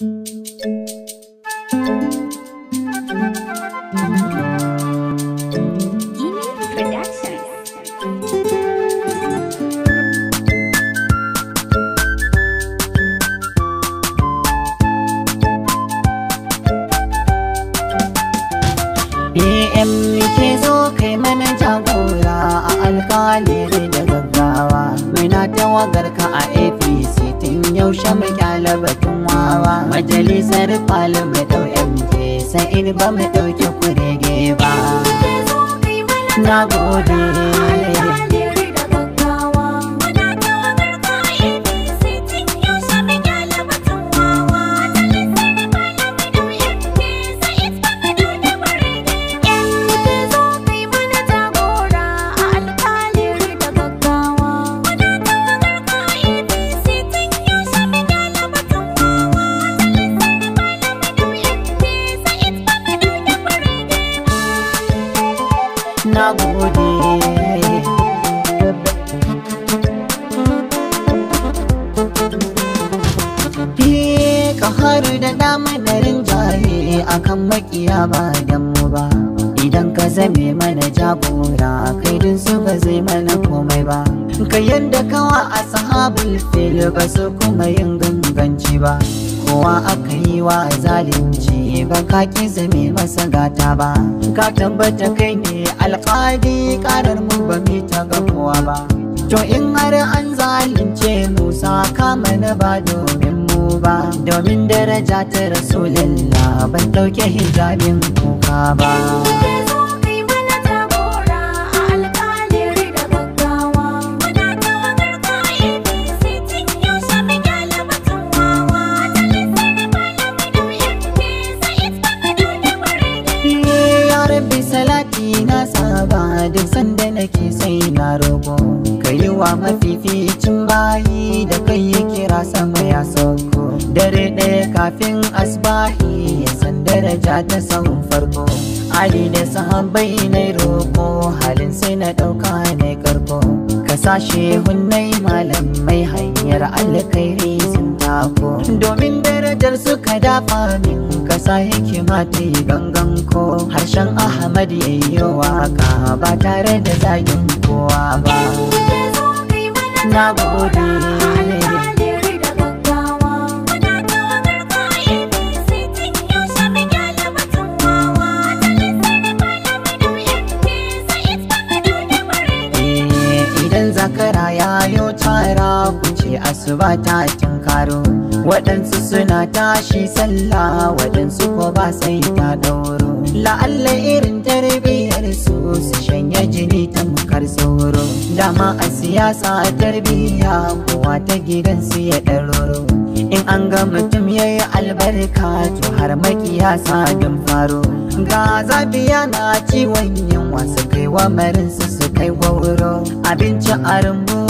BM ke zo kai mana jagora a alkalirin da gaggawa mai na tawagar ka a yaushe mu kyala batun wawa majalisar falo mu dau mk sai in ba mu dauki kurege ba na gode da dama da akan makiya ba dan mu ba idan ka zame mana jagora kai din su ba zai mana komai ba ka yadda kawa a ashabul fil ba su kuma yin ganganci ba kowa aka yi wa zalunci ba ka ki zame masa gata ba ka tabbata kai ne alƙadi karar mu ba mai ta kowa ba to in har an zalunce musa kama na ba domin ba domin daraja ta rasulillah ban ɗauke hijabin kuka ba aisha ta sahun farko ali da sahabbai na roko halin sai na ɗauka ne karko ka sashe hunnai malamai hanyar alkhairi sun tako domin darajar suka dafa min ƙasa hikima ta yi gangan ko harshen ahmad yayyo waka ba tare da zagin kowa ba na gode asuba ta tinkaro waɗansu suna tashi sallah waɗansu ko ba sai ta ɗauro la'alla irin tarbiyyar su su shanya jini mukar sauro dama a siyasa tarbiyya kowa ta gidansu ya ɗaroro in an ga mutum ya yi albarka to har makiyasa don faro ga zafi na ciwon yin su kai marinsu su kai gwauro Abincin a rumbu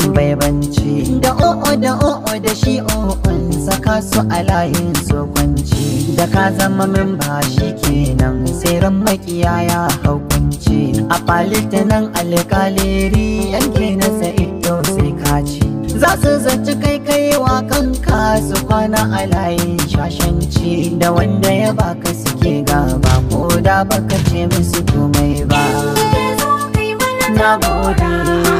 baibanci da o'o da o'o da shi o'on saka su a layin kwanci da ka zama memba shi kenan sai ran makiya ya hukunci a falita nan alƙaleri yanke sai sa'ito sai kaci za su zaci kai kai wa kanka su kwana a layin shashanci da wanda ya baka suke gaba ko da baka ce musu komai ba na gode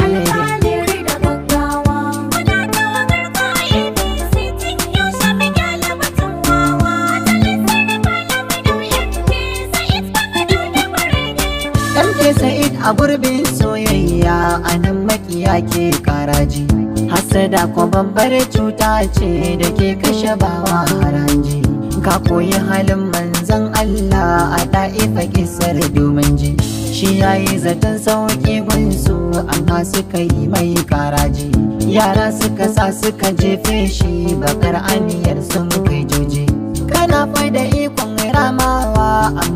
a gurbin soyayya a nan makiya ke karaji hasada ko babbar cuta ce da ke kashe bawa haranji ka koyi halin manzan Allah a ɗa'ifa kisar domin ji shi yi zaton sauƙi gunsu amma suka yi mai karaji yara suka sa suka jefe shi bakar aniyar sun kai juji kana fai da ikon ramawa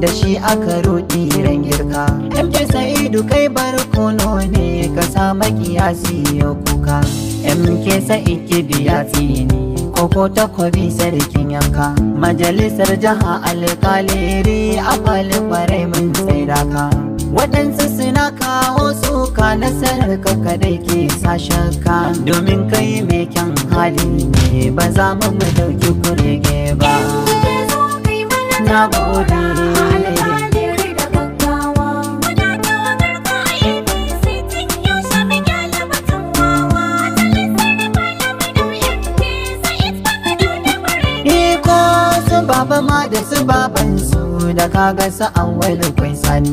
da shi aka ruɗi ran girka MJ Sa'idu kai barkono ne ka sa kiyasi ya kuka MK Sa'id ke biya tsini koko takobi sarkin yanka majalisar jaha alkaliri a kwarai mun tsaidaka waɗansu suna kawo suka nasarar ka kaɗai ke sashenka domin kai mai kyan hali ne ba za mu dauki kurege ba na gode baba ma da su babansu da kaga su wani kun sani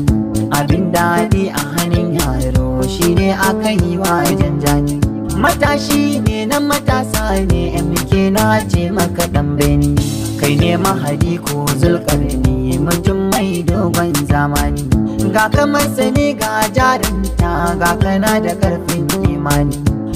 abin daɗi a hannun yaro shine aka yi wa janjani matashi ne na matasa ne mk na ce maka ɗan beni kai ne mahadi ko zulkarni mutum mai dogon zamani ga kamar sani ga jarinta ga kana da karfin imani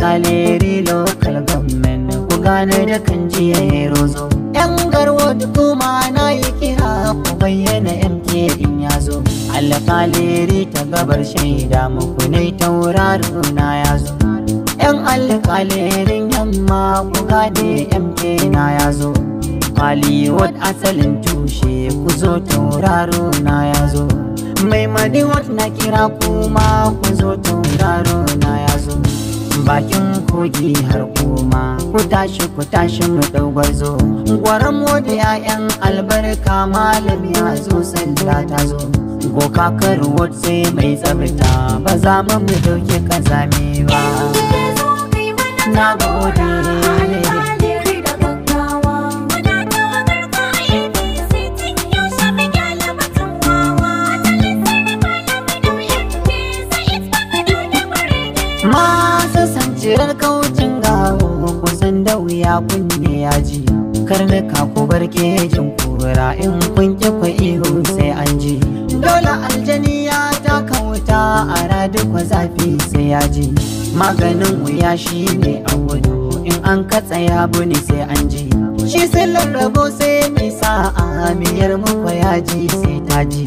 kaleri local government ku gane da kan jiya rozo yan duk kuma na yi kira ku bayyana mk in ya zo alkaleri ta gabar shaida muku ne tauraro na ya zo yan alkalerin yamma ku gane mk na ya zo Hollywood asalin tushe ku zo tauraro na ya zo mai madiwat na kira kuma ku zo tauraro na ya zo bakin kogi har kuma ku tashi ku tashi mu dau gwarzo gwaran da 'ya'yan albarka malam ya zo sanda ta zo goka karuwar sai mai tsabta ba za mu mu dauke kazami ba na gode Mom! jirar kaucin gawo kusan da wuya kunne ya ji karnuka ku bar kejin kura in kun ki ku ihu sai an ji dole aljaniya ya taka ta a radukwa zafi sai ya ji maganin wuya shi ne a gudu in an katsa ya buni sai an ji shi sai rabo sai nisa a miyar muku ya sai ta ji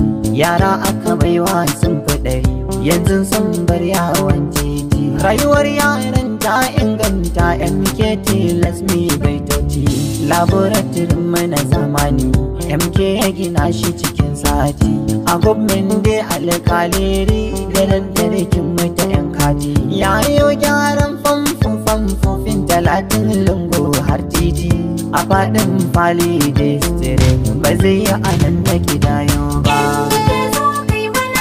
yara aka baiwa sun fi ɗari yanzu sun bar yawon titi rayuwar yaran ta inganta yan mk bai bai baitoci laboratorin mana zamani mk ya gina shi cikin sati a gwamnan dai alkaleri da daddare mata yan kaji yayo gyaran famfo famfofin talatin lungu har titi a faɗin fali district ba zai yi anan da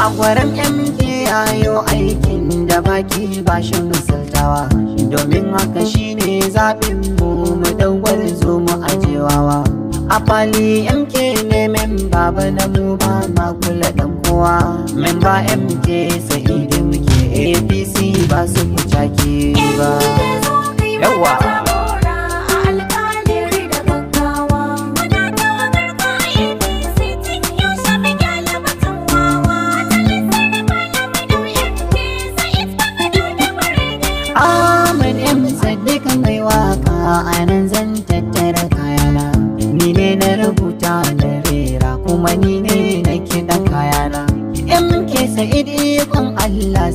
a gwaran mk yau aikin da baki bashin shi misaltawa domin haka shine zaɓin mu mu dawwal zo mu ajewawa a fali mk ne memba ba na mu ba ma kula dan kowa memba mk sa'idu muke apc ba su kucaki ba yawa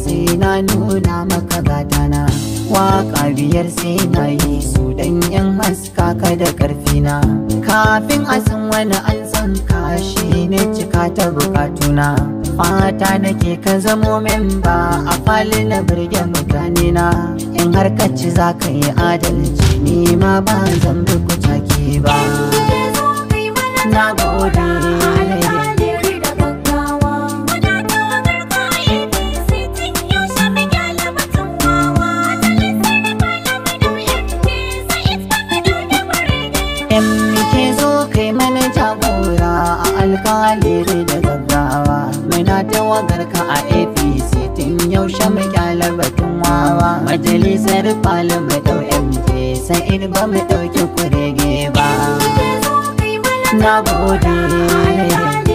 sai na nuna maka gata na. Waƙa biyar sai na yi su dan yan haska ka da na. Kafin a san wani an san kashi ne cika ta bukatuna Fata nake ka zamo memba a fali na birge mutane na In har ci za ka yi adalci ni ma ba zan bi kucaki ba majalisar falon mu ɗau mj sai in ba mu ɗauki kurege ba na gode